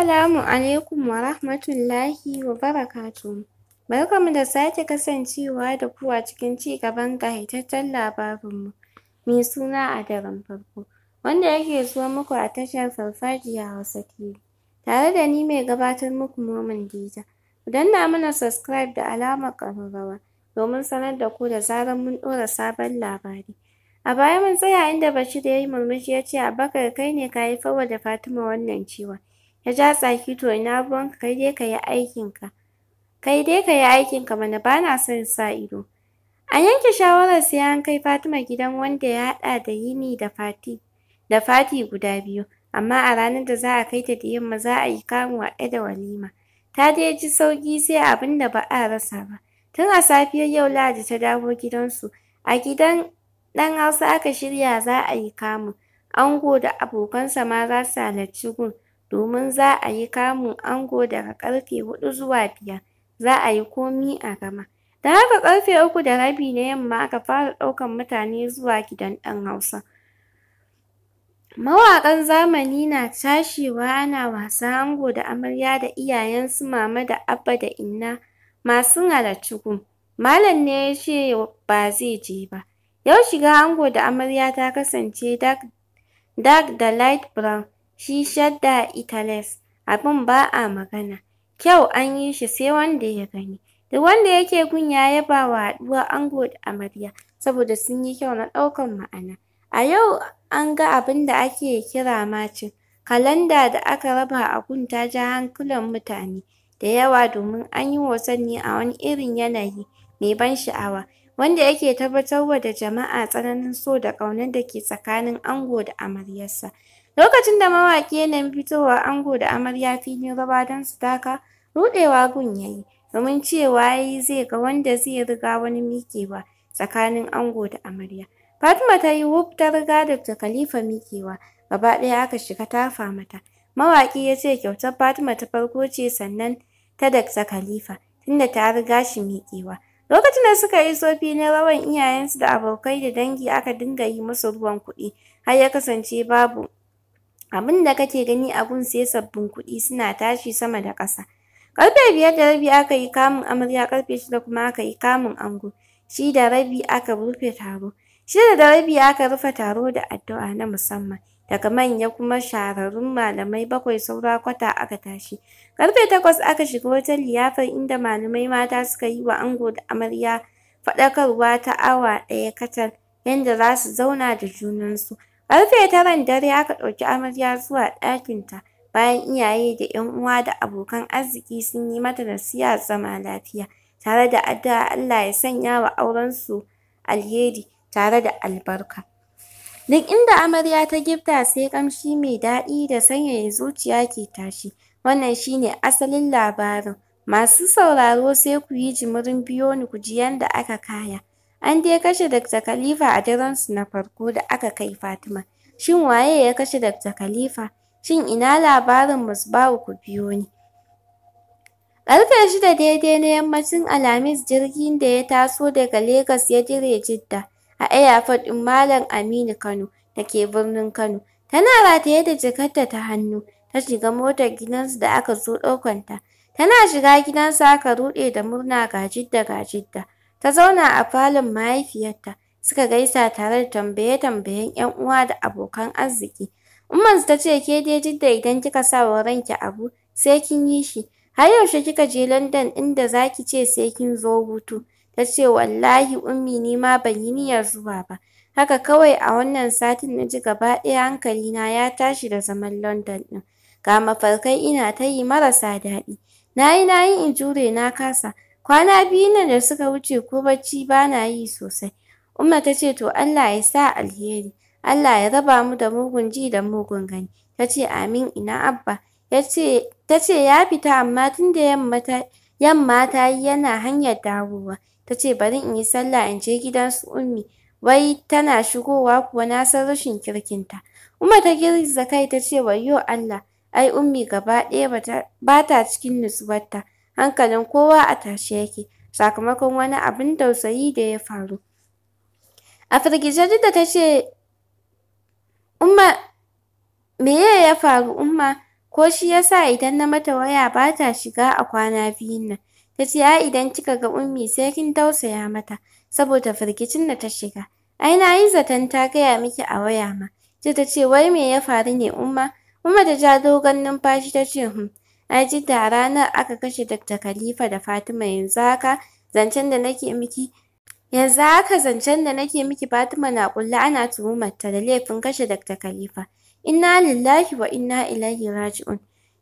Assalamu alaikum wa rahmatullahi wa barakatuhu. Barkanmu da sake kasancewa da ku a cikin cigaban ƙayataccen labarinmu mai suna a daren farko wanda yake zuwa muku a tashar Farfajiya Hausa TV tare da ni mai gabatar muku Maman Dija. Ku danna mana subscribe da alamar ƙararrawa domin sanar da ku da zarar mun ɗora sabon labari. A baya mun tsaya inda Bashir ya yi murmushi ya ce Abubakar kai ne ka haifar wa da Fatima wannan ciwon. Ya ja tsaki to ina ruwanka kai dai kayi yi aikinka. Kai dai ka aikinka mana ba son sa ido. A yanke shawarar sai an kai Fatima gidan wanda ya haɗa da Yini da Fati da Fati guda biyu. Amma a ranar da za a kai ta da yamma za a yi kamu ɗaya da walima. Ta dai ji sauƙi sai abin da ba a rasa ba. Tun a safiyar yau Ladi ta dawo gidansu. A gidan ɗan Hausa aka shirya za a yi kamu. Ango da abokansa ma za su halarci gun. domin za a yi kamun ango daga ƙarfe huɗu zuwa biyar. Za a yi komi a gama. Da haka ƙarfe uku da rabi na yamma aka fara ɗaukan mutane zuwa gidan ɗan Hausa. Mawaƙan zamani na cashewa ana wasa ango da amarya da iyayensu mama da abba da inna masu halarci ku Malam ne ya ce ba zai je ba. Yau shiga ango da amarya ta kasance dark da light brown. Shi shadda ita les, abin ba a magana. Kyau an yi shi sai wanda ya gani. Duk wanda yake gun ya yaba wa haɗuwar ango da amarya saboda sun yi kyau na ɗaukan ma'ana. A yau an ga abin da ake kira macin Kalanda da aka raba a gun ta ja hankulan mutane da yawa domin an yi wa a wani irin yanayi mai ban sha'awa wanda yake tabbatarwa da jama'a tsananin so da ƙaunar da ke tsakanin ango da amaryarsa. Lokacin da mawaƙi ya nemi fitowa ango da amarya filin rawa don su taka, ruɗewa gun ya yi, domin cewa ya yi zai ga wanda zai riga wani miƙewa tsakanin ango da amarya. Fatima ta yi wuf ta riga ta Khalifa miƙewa, gaba ɗaya aka shiga tafa mata. Mawaƙi ya ce kyautar Fatima ta farko ce sannan ta ta Khalifa, tunda ta riga shi miƙewa. Lokacin da suka iso filin rawan iyayensu da abokai da dangi aka dinga yi musu ruwan kuɗi, har ya kasance babu Abin da kake gani a gun sai sabbin kuɗi suna tashi sama da ƙasa. Ƙarfe biyar da rabi aka yi kamun amarya ƙarfe shida kuma aka yi kamun ango. Shi da rabi aka rufe taro. Shida da rabi aka rufe taro da addu'a na musamman. Daga manya kuma shahararrun malamai bakwai saura kwata aka tashi. Ƙarfe takwas aka shiga wata liyafar inda malamai mata suka yi wa ango da amarya faɗakarwa ta awa ɗaya kacal yadda za su zauna da junansu. Karfe taran dare aka ɗauki amarya zuwa ɗakinta bayan iyaye da ‘yan uwa da abokan arziki sun yi mata nasiha zama lafiya tare da addu'a Allah ya sanya wa aurensu alheri tare da albarka. Duk inda amarya ta gifta sai ƙamshi mai daɗi da sanyaya zuciya ke tashi. Wannan shi ne asalin labarin. Masu sauraro sai ku yi jimirin biyo ni ku ji yadda aka kaya. An dai kashe Dr. Khalifa a daren su na farko da aka kai Fatima. Shin waye ya kashe Dr. Khalifa? Shin ina labarin ba ku biyo ni? Ƙarfe shida daidai na yammacin Alhamis jirgin da ya taso daga Legas ya dire Jidda a airport ɗin Malam Aminu Kano da ke birnin Kano. Tana rataye da jakarta ta hannu ta shiga motar gidansu da aka zo ɗaukanta. Tana shiga gidansu aka ruɗe da murna ga Jidda ga Jidda. Ta zauna a falon mahaifiyarta, suka gaisa tare da tambaye-tambayen 'yan uwa da abokan arziki. Ummansu ta ce, ke dai Jidda idan kika sa wa ranki abu, sai kin yi shi. Har yaushe kika je London inda za ki ce sai kin zo hutu? Ta ce, wallahi ummi ni ma ban yi niyyar zuwa ba. Haka kawai a wannan satin na ji gaba ɗaya hankali na ya tashi da zaman London ɗin. Ga mafarkai ina ta yi marasa daɗi. Na yi na yi in jure na kasa. Kwana biyu ne da suka wuce ko bacci ba na yi sosai. Umma ta ce to Allah ya sa alheri, Allah ya raba mu da mugun ji da mugun gani. Ta ce amin ina abba. Ta ce ya fita amma tun da yamma ta yi yana hanyar dawowa. Ta ce bari in yi sallah in je gidan su ummi. Wai tana shigowa kuwa na san rashin kirkinta. Umma ta girgiza kai ta ce wayyo Allah, ai ummi gaba ɗaya ba ta cikin nutsuwarta. hankalin kowa a tashe yake sakamakon wani abin tausayi da ya faru a firgice Jidda ta ce umma meye ya faru umma ko shi yasa idan na mata waya ba ta shiga a kwana biyun nan ta ce ai idan kika ga ummi sai kin tausaya mata saboda firgicin da ta shiga ai na yi zaton ta gaya miki a waya ma sai ta ce wai me ya faru ne umma umma ta ja dogon numfashi ta ce hmm da ranar aka kashe Dr. Khalifa da Fatima yanzu haka zancen da nake miki yanzu haka zancen da nake miki Fatima na ƙulla ana tuhumar ta da laifin kashe Dr. Khalifa. Inna lillahi wa inna ilaihi raji'un.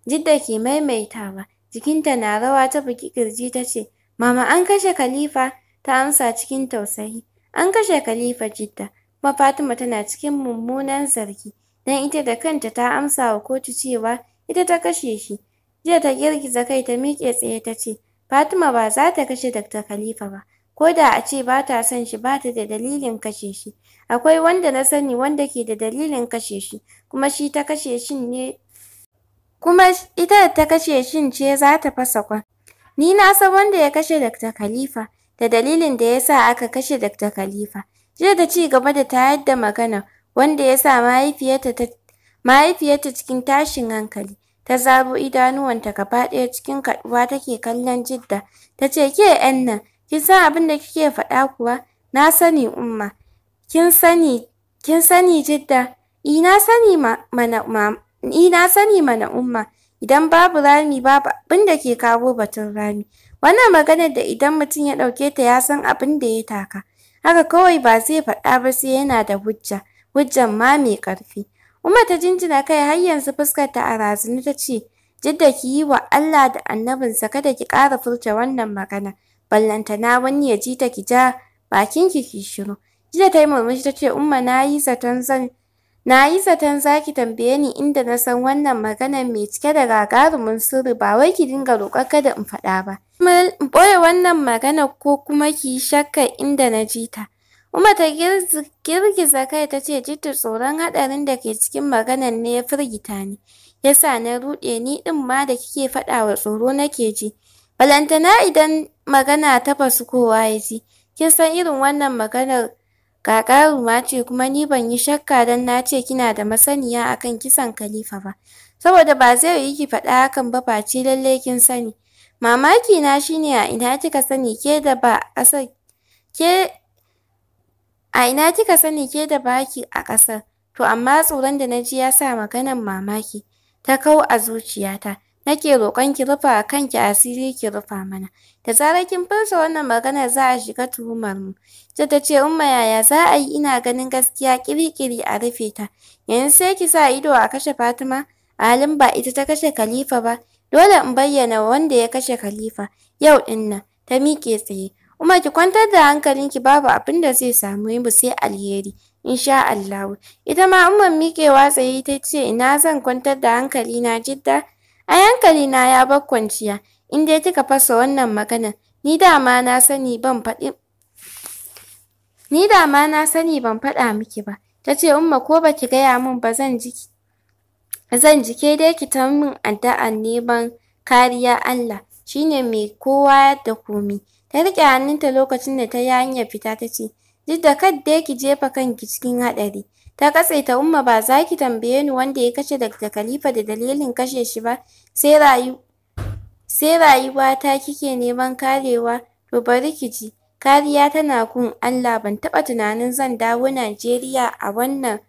Jidda ke maimaitawa, jikinta na rawa ta buki kirji ta ce, Mama an kashe Khalifa ta amsa cikin tausayi. An kashe Khalifa Jidda, kuma Fatima tana cikin mummunan zargi, Dan ita da kanta ta amsa wa kotu cewa ita ta kashe shi. Jiya ta girgiza kai ta miƙe tsaye ta ce, Fatima ba za ta kashe Dr. Khalifa ba, ko da a ce ba ta son shi ba ta da dalilin kashe shi. Akwai wanda na sani wanda ke da dalilin kashe shi, kuma shi ta kashe shin ne kuma ita da ta kashe shin ce za ta fasa kwan. Ni na san wanda ya kashe Dr. Khalifa da dalilin da ya sa aka kashe Dr. Khalifa. Jiya ta ci gaba da ta yadda magana wanda ya sa mahaifiyarta cikin tashin hankali. ta zaro idanuwanta gaba ɗaya cikin kaɗuwa take kallon Jidda. Ta ce, ke ‘yan nan, kin san abin da kike faɗa kuwa? Na sani umma. Kin sani, kin sani Jidda? I na sani mana umma. Idan babu rami babu abin da ke kawo batun rami. Wannan magana da idan mutum ya ɗauke ta ya san abin da ya taka. Haka kawai ba zai faɗa ba sai yana da hujja. Hujjan ma mai ƙarfi. Umar ta jinjina kai har yanzu fuskar ta a razuni ta ce, Jidda ki yi wa Allah da annabinsa kada ki ƙara furta wannan magana, ballantana wani ya ji ta ki ja bakinki ki shiru. Jidda ta yi murmushi ta ce, Umma na yi zaton zan Na yi zaton za ki tambaye ni inda na san wannan maganar mai cike da gagarumin sirri ba wai ki dinga roƙar kada in faɗa ba. Kuma in ɓoye wannan maganar ko kuma ki shakka inda na ji ta. uma ta girgiza kai ta ce Jiddu tsoron haɗarin da ke cikin maganar ne ya firgita ni. Ya sa na ruɗe ni ɗin ma da kike faɗa wa tsoro nake ji. Balantana idan magana ta basu kowa ya ji. Kin san irin wannan maganar gagaruma ce kuma ni ban yi shakka don na ce kina da masaniya akan kisan kalifa ba. Saboda ba zai yi ki faɗa hakan ba face lallai kin sani. Mamaki na shine a ina kika sani ke da ba asa ke A ina kika sani ke da baki a ƙasar? To amma tsoron da naji ji ya sa maganan mamaki ta kau a zuciyata. Nake roƙon ki rufa kanki asiri ki rufa mana. Da zarar kin furta wannan maganar za a shiga tuhumar mu. Ta ce Umma yaya za a yi ina ganin gaskiya ƙiri a rufe ta. Yanzu sai ki sa ido a kashe Fatima? A halin ba ita ta kashe Khalifa ba. Dole in bayyana wanda ya kashe Khalifa. Yau ɗin ta miƙe tsaye. Kuma ki kwantar da hankalinki babu abin da zai sami mu sai alheri insha Allahu. Ita ma Umar miƙewa tsaye ta ce ina zan kwantar da hankali na Jidda? hankali na ya bar kwanciya in dai kika fasa wannan magana Ni dama na sani ban faɗi Ni dama na sani ban faɗa miki ba. Ta ce Umma ko baki gaya min ba zan ji zan ji dai ki ta min addu'ar neman kariya Allah shine mai kowa da komi. Ta riƙe hannunta lokacin da ta yi hanyar fita ta ce, Jidda kadda ki jefa kanki cikin haɗari. Ta katse ta Umma ba za ki tambaye ni wanda ya kashe da Khalifa da dalilin kashe shi ba, sai rayu sai rayuwa ta kike neman karewa, to bari ki ji. Kariya tana kun Allah ban taɓa tunanin zan dawo Najeriya a wannan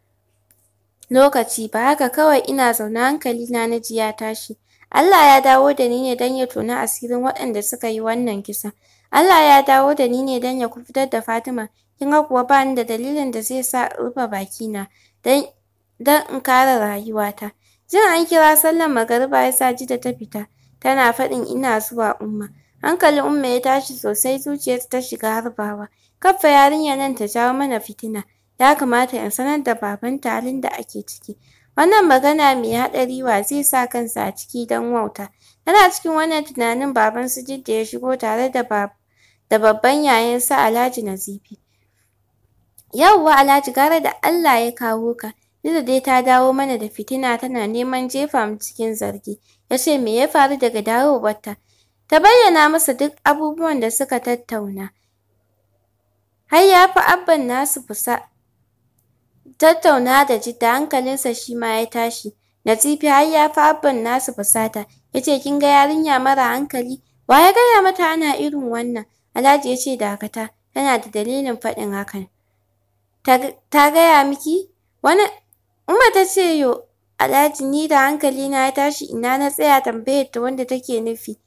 lokaci ba haka kawai ina zaune hankali na ji ya tashi. Allah ya dawo da ni ne don ya toni asirin waɗanda suka yi wannan kisa. Allah ya dawo da ni ne don ya kufutar da Fatima, kin ga kuwa ba ni da dalilin da zai sa rufe bakina don in kare rayuwata. Jin an kira sallar magariba ya sa Jida ta fita, tana faɗin ina zuwa Umma. Hankalin Umma ya tashi sosai zuciyarta ta shiga harbawa. Kaffa yarinya nan ta jawo mana fitina, ya kamata in sanar da babanta halin da ake ciki. Wannan magana mai haɗari wa zai sa kansa a ciki don wauta. Tana cikin wannan tunanin baban su Jidda ya shigo tare da bab da babban yayansa Alhaji Nazifi. Yawwa Alhaji gara da Allah ya kawo ka, Lila dai ta dawo mana da fitina tana neman jefa mu cikin zargi. Ya ce me ya faru daga dawowarta? Ta bayyana masa duk abubuwan da suka tattauna. Har ya fi abban nasu fusa. Tattauna da jidda hankalinsa shi ma ya tashi. Nazifi har ya fi abban nasu fusata. Ya ce kin ga yarinya mara hankali? Wa ya gaya mata ana irin wannan? Alhaji ya ce dakata, tana da dalilin faɗin hakan. Ta gaya miki? Wani Umma ta ce yo, Alhaji ni da hankali na ya tashi ina na tsaya tambayar ta wanda take nufi.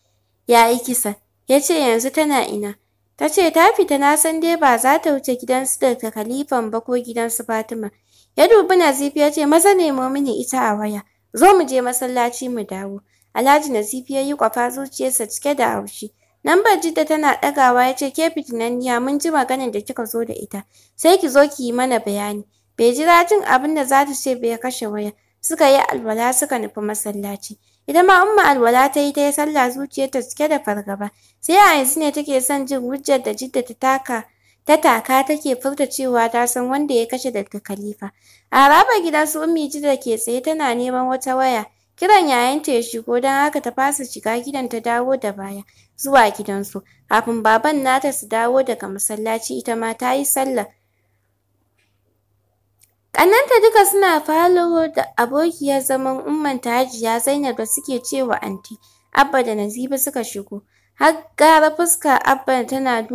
Ya yi kisa. Ya ce yanzu tana ina. Ta ce ta fita na san dai ba za ta wuce gidansu da Khalifan ba ko gidansu Fatima. Ya dubi Nazifi ya ce maza nemo mini ita a waya. Zo mu je masallaci mu dawo. Alhaji Nazifi ya yi kwafa zuciyarsa cike da haushi. Lambar Jidda tana ɗagawa ya ce, ke fitinanniya mun ji maganar da kika zo da ita, sai ki zo ki yi mana bayani. Bai jira jin abin da za ta ce bai kashe waya, suka yi alwala suka nufi masallaci. Ita ma Umma alwala ta yi ta yi sallah zuciyarta cike da fargaba. Sai a yanzu ne take son jin hujjar da Jidda ta taka ta taka take furta cewa ta san wanda ya kashe da Khalifa. A harabar gidan su Ummi Jidda ke tsaye tana neman wata waya Kiran yayanta ya shigo don haka ta fasa shiga gidan ta dawo da baya zuwa gidansu. Kafin baban nata su dawo daga masallaci ita ma ta yi sallah. Ƙannanta duka suna falo da abokiyar zaman ummanta Hajiya Zainab da suke cewa anti. Abba da Naziba suka shigo. Har gara fuska Abba tana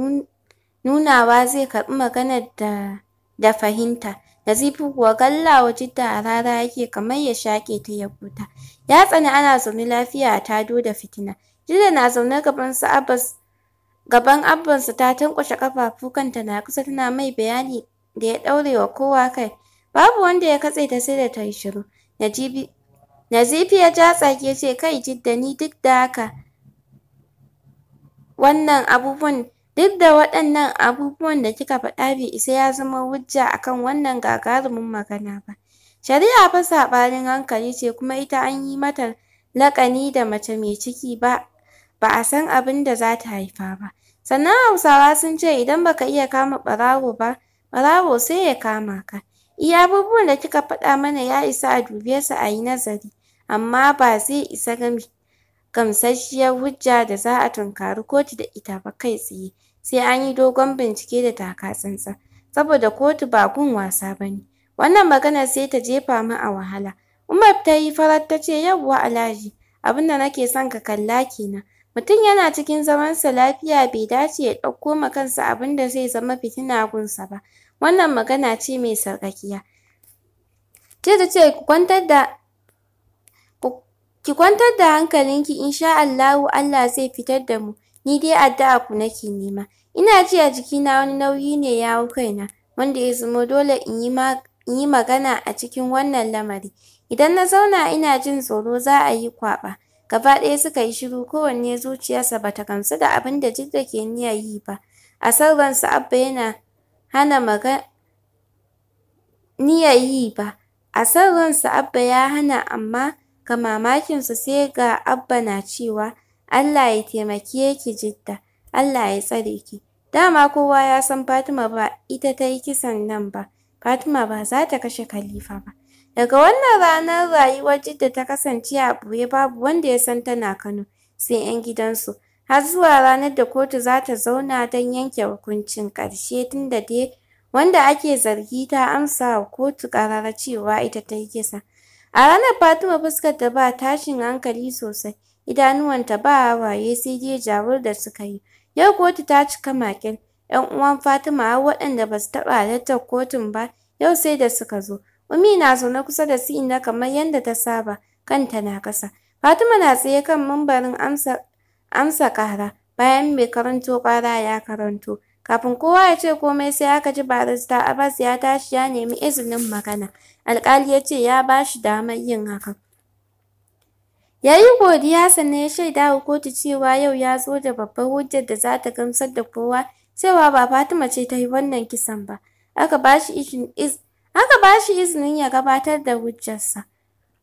nunawa zai karɓi maganar da da fahimta. Nazifu kuwa gallawa Jidda rara yake kamar ya shaƙe ta ya kuta. Ya tsani ana zaune lafiya a tado da fitina. Jidda na zaune gaban su Abbas gaban abbansa ta tankwashe ƙafafu kanta na kusa tana mai bayani da ya ɗaure wa kowa kai. Babu wanda ya katse ta sai da ta shiru. Nazifi ya ja tsage kai Jidda ni duk da haka wannan abubuwan Duk da waɗannan abubuwan da kika faɗa bai isa ya zama hujja akan wannan gagarumin magana ba. Shari'a fa saɓanin hankali ce kuma ita an yi mata laƙani da mace mai ciki ba ba a san abin da za ta haifa ba. Sannan Hausawa sun ce idan baka iya kama ɓarawo ba ɓarawo sai ya kama ka. Iya abubuwan da kika faɗa mana ya isa a dube su a yi nazari amma ba zai isa gami gamsasshiyar hujja da za a tunkari kotu da ita ba kai tsaye. sai an yi dogon bincike da taka tsantsan saboda kotu ba gun wasa ba ne. Wannan magana sai ta jefa mu a wahala. Umar ta yi farar ta ce yawwa Alhaji abin da nake son ka kalla kenan. Mutum yana cikin zamansa lafiya bai dace ya ɗauko ma kansa abin da zai zama fitina gunsa ba. Wannan magana ce mai sarƙaƙiya. Ce ta ce ku kwantar da ki kwantar da hankalinki insha Allahu Allah zai fitar da mu. ni dai addu'a ku nake nema ina ji a jikina wani nauyi ne ya hau kaina wanda ya zamo dole in yi ma in yi magana a cikin wannan lamari idan na zauna ina jin tsoro za a yi kwaɓa gaba ɗaya suka yi shiru kowanne zuciyarsa bata gamsu da abin da Jidda ke niyyar yi ba a san ransa Abba yana hana maga yi ba a san ransa Abba ya hana amma ga mamakinsu sai ga Abba na cewa Allah ya taimake ki Jidda, Allah ya tsare ki. Dama kowa ya san Fatima ba ita ta yi kisan nan ba, Fatima ba za ta kashe Khalifa ba. Daga wannan ranar rayuwar Jidda ta kasance a buye babu wanda ya san tana Kano, sai 'yan gidansu. Har zuwa ranar da kotu za ta zauna don yanke hukuncin ƙarshe tun da dai wanda ake zargi ta amsa wa kotu ƙarara cewa ita ta yi kisa. A ranar Fatima fuskar da ba tashin hankali sosai. idanuwanta ba waye sai dai jawur da suka yi yau kotu ta cika makin yan uwan Fatima har waɗanda ba su taɓa halartar kotun ba yau sai da suka zo Umi na zaune kusa da su inda kamar yadda ta saba kanta na kasa Fatima na tsaye kan mambarin amsa amsa kara bayan mai karanto kara ya karanto kafin kowa ya ce komai sai aka ji barista Abbas ya tashi ya nemi izinin magana alkali ya ce ya ba shi damar yin hakan Ya yi godiya sannan ya shaida wa kotu cewa yau ya zo da babbar hujjar da za ta gamsar da kowa cewa ba Fatima ce ta yi wannan kisan ba. Aka ba shi izinin ya gabatar da hujjarsa.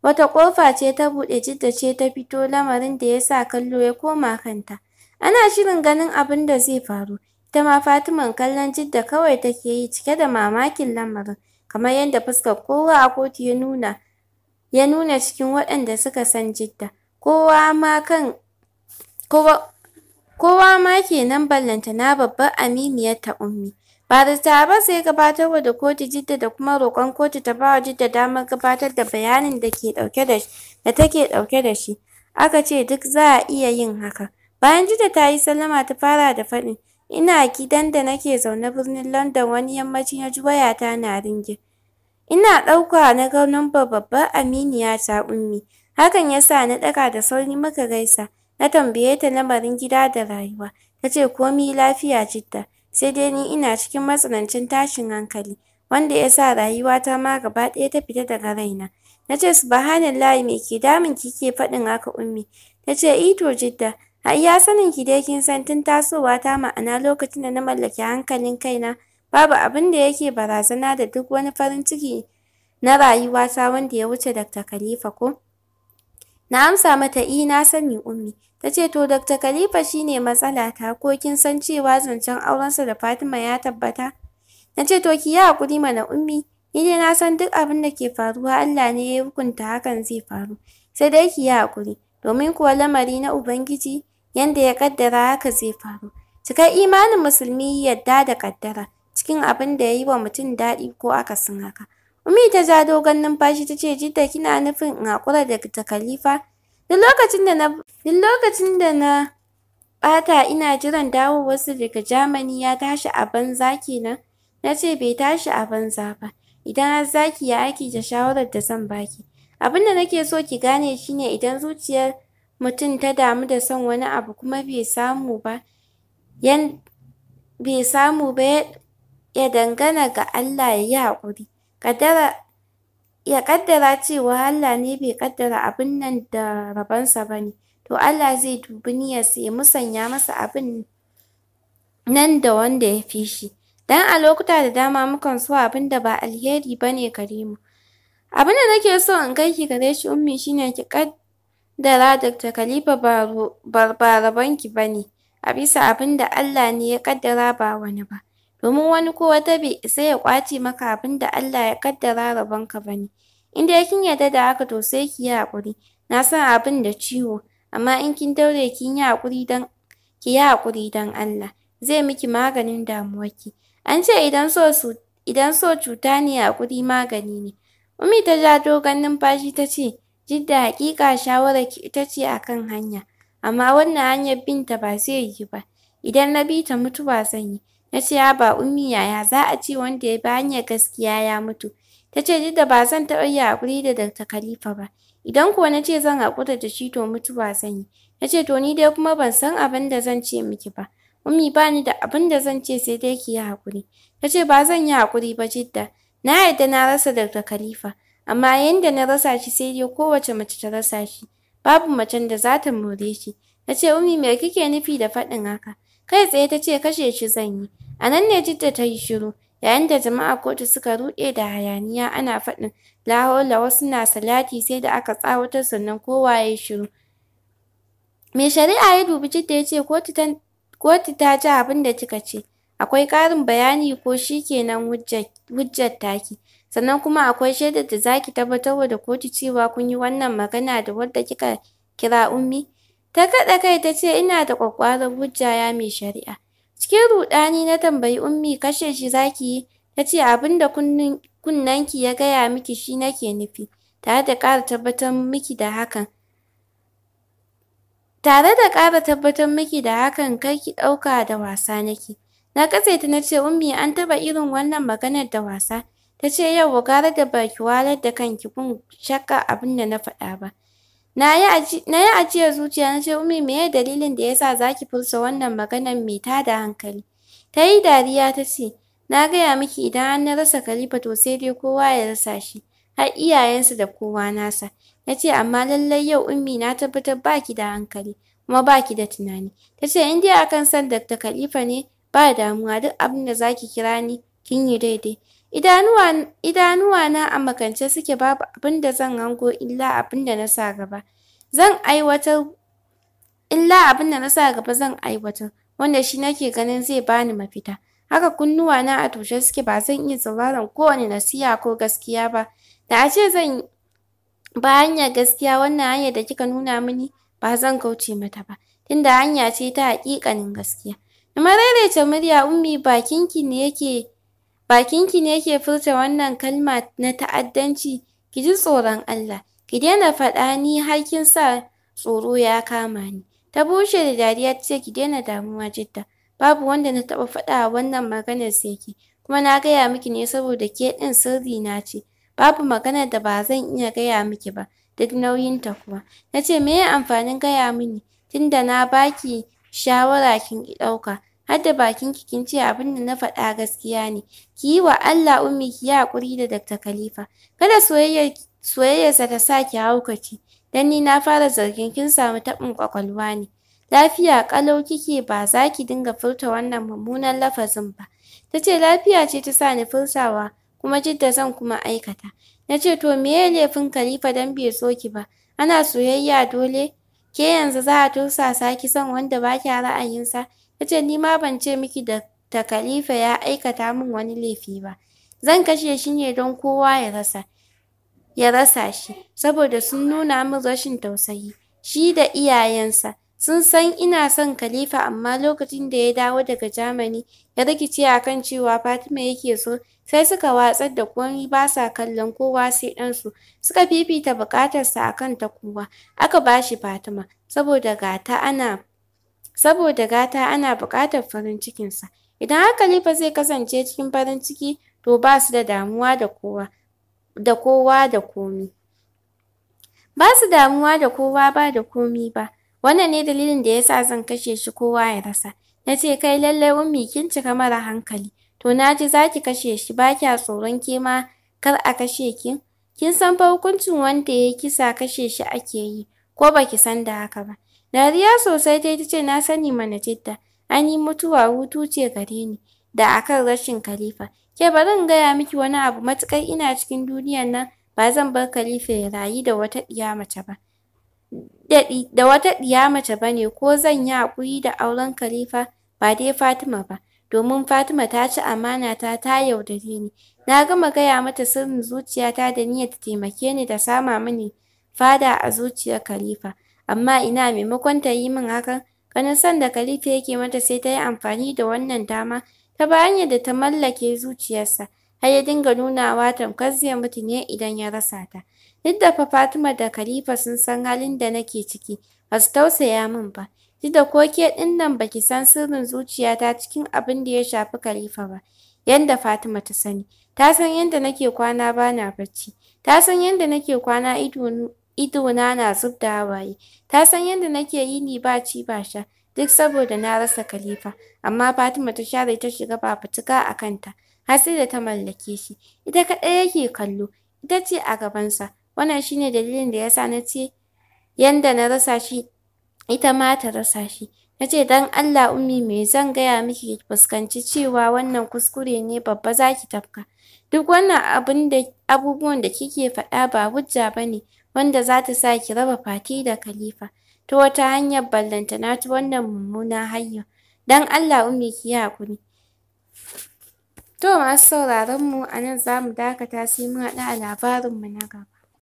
Wata ƙofa ce ta buɗe jidda ce ta fito lamarin da ya sa kallo ya koma kanta. Ana shirin ganin abin da zai faru. Ita ma Fatiman kallon jidda kawai take yi cike da mamakin lamarin kamar yadda fuskar kowa a kotu ya nuna. ya nuna cikin waɗanda suka san Jidda. Kowa ma kan kowa kowa ma kenan ballantana babbar aminiyar ta Ummi. Barista sai gabatar gabatarwa da kotu Jidda da kuma roƙon kotu ta bawa Jidda damar gabatar da bayanin da ke ɗauke da da take ɗauke da shi. Aka ce duk za a iya yin haka. Bayan Jidda ta yi sallama ta fara da faɗin, ina gidan da nake zaune birnin London wani yammacin ya ji wayata na ringin. Ina ɗauka na ga lambar babbar aminiyata Ummi, hakan yasa na ɗaga da sauri muka gaisa, na tambaye ta lamarin gida da rayuwa, tace ce lafiya Jidda, sai dai ni ina cikin matsanancin tashin hankali, wanda yasa rayuwa ta ma gaba ɗaya ta fita daga raina. Na subhanallahi me ke damun kike faɗin haka Ummi? tace ce eh to Jidda, a iya sanin ki dai kin san tun tasowa ta ma'ana lokacin da na mallaki hankalin kaina. Babu abin da yake barazana da duk wani farin ciki na rayuwata wanda ya wuce Dr. Khalifa ko? Na amsa mata i eh, na sani ummi. Ta ce to Dr. Khalifa shi matsala matsalata ko kin san cewa zancen aurensa da Fatima ya tabbata? Na ce to ki yi hakuri mana ummi. Ni dai na san duk abin da ke faruwa Allah ne ya hukunta hakan zai faru. Sai dai ki yi hakuri. Domin kuwa lamari na Ubangiji yanda ya kaddara haka zai faru. Cikar imanin musulmi yadda da kaddara. cikin abin da ya yi wa mutum daɗi ko akasin haka. umi ta ja dogon numfashi ta ce, Jidda kina nufin in haƙura da ta Khalifa? Duk lokacin da na duk ɓata ina jiran dawowarsu daga Germany ya tashi a banza kenan. Na ce bai tashi a banza ba. Idan har zaki ya aiki da shawarar da zan baki. Abin da nake so ki gane shine idan zuciyar mutum ta damu da son wani abu kuma bai samu ba, yan bai samu ba ya dangana ga Allah yayi haƙuri ya ƙaddara cewa Allah ne bai ƙaddara abun nan da rabonsa bane to Allah zai dubi niyyarsa ya musanya masa abin nan da wanda ya fi shi dan a lokuta da dama mukan so abin da ba alheri bane gare mu abin da nake so in kai ki gare shi ummi shine ki kaddara Dr. Khalifa ba rabon ki bane a bisa abin da Allah ne ya kaddara ba wani ba domin wani ko wata bai isa ya kwace maka abin da Allah ya kaddara rabonka ba ne. In dai kin yarda da haka to sai ki yi haƙuri, na san abin da ciwo, amma in kin daure kin yi haƙuri don ki yi haƙuri don Allah, zai miki maganin damuwarki. An ce idan so su idan so cuta ne haƙuri magani ne. Ummi ta ja dogon numfashi ta ce, Jidda haƙiƙa ki ita ce a kan hanya, amma wannan hanyar binta ba zai yi ba, idan na bi ta mutuwa zan yi. Na ce ba ummi yaya za a ce wanda ya bi hanyar gaskiya ya mutu. Ta ce duk da ba zan taɓa yi haƙuri da Dr. Khalifa ba. Idan kuwa na ce zan haƙura da shi to mutuwa zan yi. Na ce to ni dai kuma ban san abin da zan ce miki ba. Ummi bani da abin da zan ce sai dai ki yi haƙuri. Ta ce ba zan yi haƙuri ba jidda. Na yarda na rasa Dr. Khalifa. Amma yanda na rasa shi sai dai kowace mace ta rasa shi. Babu macen da za ta more shi. Na ce ummi me kike nufi da faɗin haka? Kai tsaye ta ce kashe shi zan yi. A nan ne Jidda ta yi shiru, yayin da jama'a kotu suka ruɗe da hayaniya ana faɗin lahola wasu na salati sai da aka tsawatar sannan kowa ya yi shiru. Mai shari'a ya dubi Jidda ya ce kotu ta ji abin da kika ce. Akwai ƙarin bayani ko shi kenan hujjar taki. Sannan kuma akwai shaidar da zaki ki tabbatar da kotu cewa kun yi wannan magana da wadda kika kira ummi. Ta kaɗa kai ta ce ina da ƙwaƙƙwarar hujja ya mai shari'a. Cikin ruɗani na tambayi Ummi kashe shi zaki yi? Ta ce abin da kunnanki ya gaya miki shi nake nufi, tare da ƙara tabbatar miki da hakan. Tare da ƙara tabbatar miki da hakan kar ki ɗauka da wasa nake. Na katsaita na ce Ummi an taɓa irin wannan maganar da wasa? Ta ce yauwa gara da baki walar da kanki kun shakka abin da na faɗa ba. Na yi ajiyar zuciya na ce, Ummi, meye dalilin da ya sa za ki furta wannan maganar mai tada hankali? Ta yi dariya ta ce, Na gaya miki idan an na rasa kalifa to sai dai kowa ya rasa shi, har iyayensa da kowa nasa. Ya ce, Amma lallai yau Ummi na tabbatar ba ki da hankali, kuma ba ki da tunani. Ta ce, In dai akan da Dr. Khalifa ne, ba damuwa duk abin da za ki kira ni, kin yi daidai. Idanuwa na a makance suke babu abin da zan hango illa abin da na sa gaba. Zan aiwatar illa abin na sa gaba zan aiwatar wanda shi nake ganin zai bani mafita. Haka kunnuwa na a tushe suke ba zan iya sauraron kowane nasiha ko gaskiya ba. Da a ce zan ba hanyar gaskiya wannan hanyar da kika nuna mini ba zan kauce mata ba. Tunda hanya ce ta haƙiƙanin gaskiya. Na murya Ummi bakinki ne yake Bakin ki ne ke furta wannan kalma na ta'addanci? Ki ji tsoron Allah. Ki daina faɗa ni har kin sa tsoro ya kama ni. Ta bushe da dariya ta ce ki daina damuwa Jidda. Babu wanda na taɓa faɗa wannan maganar sai ki. Kuma na gaya miki ne saboda ke ɗin sirri na ce. Babu maganar da ba zan iya gaya miki ba. Duk nauyinta kuwa. Na ce me amfanin gaya mini? Tunda na baki shawara kin ki ɗauka. Hadda bakin ki kin ce abin da na faɗa gaskiya ne ki yi wa Allah ummi ki yi hakuri da Dr. Khalifa kada soyayyar soyayyarsa ta sa ki dan ni na fara zargin kin samu tabin kwakwalwa ne lafiya kalau kike ba za ki dinga furta wannan mummunan lafazin ba ta ce lafiya ce ta sa ni furtawa kuma jidda zan kuma aikata na ce to meye laifin Khalifa dan bai so ki ba ana soyayya dole ke yanzu za a tursasa saki son wanda ba kya ra'ayinsa ta ce ni ma ban ce miki da ta Khalifa ya aikata min wani laifi ba. Zan kashe shi ne don kowa ya rasa. Ya rasa shi, saboda sun nuna min rashin tausayi. Shi da iyayensa sun san ina son Khalifa amma lokacin da ya dawo daga Jamani ya rikice a kan cewa Fatima yake so, sai suka watsar da komai ba sa kallon kowa sai ɗansu. Suka fifita buƙatarsa a kan ta kowa. Aka ba shi Fatima, saboda ga ta ana Saboda gata ana buƙatar farin cikinsa. Idan hankali Khalifa zai kasance cikin farin ciki to ba su da damuwa da kowa da kowa da komi. Ba su damuwa da kowa ba da komi ba. Wannan ne dalilin da ya sa zan kashe shi kowa ya rasa. Na ce kai lallai ummi kin cika mara hankali. To na ji za ki kashe shi ba kya tsoron ke ma kar a kashe ki. Kin san fa hukuncin wanda ya kisa kashe shi ake yi ko ba ki san da haka ba. Dariya sosai dai tace ce na sani mana Jidda, an yi mutuwa hutu ce gare ni da kan rashin Khalifa. Ke bari in gaya miki wani abu matuƙar ina cikin duniyan nan ba zan bar Khalifa ya rayu da wata ɗiya mace ba. Da wata ɗiya mace ba ne ko zan yi haƙuri da auren Khalifa ba dai Fatima ba. Domin Fatima ta ci amanata ta yaudare ni. Na gama gaya mata sirrin zuciyata da niyyar ta taimake ni da sama mini fada a zuciyar Khalifa. amma ina maimakon ta yi min hakan ganin son da kalifa yake mata sai ta yi amfani da wannan dama ta bi da ta mallake zuciyarsa har ya dinga nunawa tamkar zai mutu ne idan ya rasa ta duk da fa Fatima da Khalifa sun san halin da nake ciki ba su tausaya min ba duk da ko ke din nan ba ki san sirrin zuciyata cikin abin da ya shafi kalifa ba yanda Fatima ta sani ta san yanda nake kwana ba bacci ta san yanda nake kwana ido idona na zub da hawaye. Ta san yadda nake ni ba ci ba sha, duk saboda na rasa kalifa amma Fatima ta share ta shiga cika a kanta, har sai da ta mallake shi. Ita kaɗai yake kallo, ita ce a gabansa. Wannan shine dalilin da ya sa na ce yadda na rasa shi, ita ma ta rasa shi. Na ce don Allah ummi me zan gaya miki fuskanci cewa wannan kuskure ne babba za ki tafka. Duk wannan abubuwan da kike faɗa ba hujja ba ne, wanda za ta sa ki raba Fati da Khalifa ta wata hanyar ballanta na ta wannan mummunan hanyar. dan Allah Ummi ki yi haƙuri. To masu sauraron mu a nan za mu dakata sai mun haɗu a labarin mu na gaba.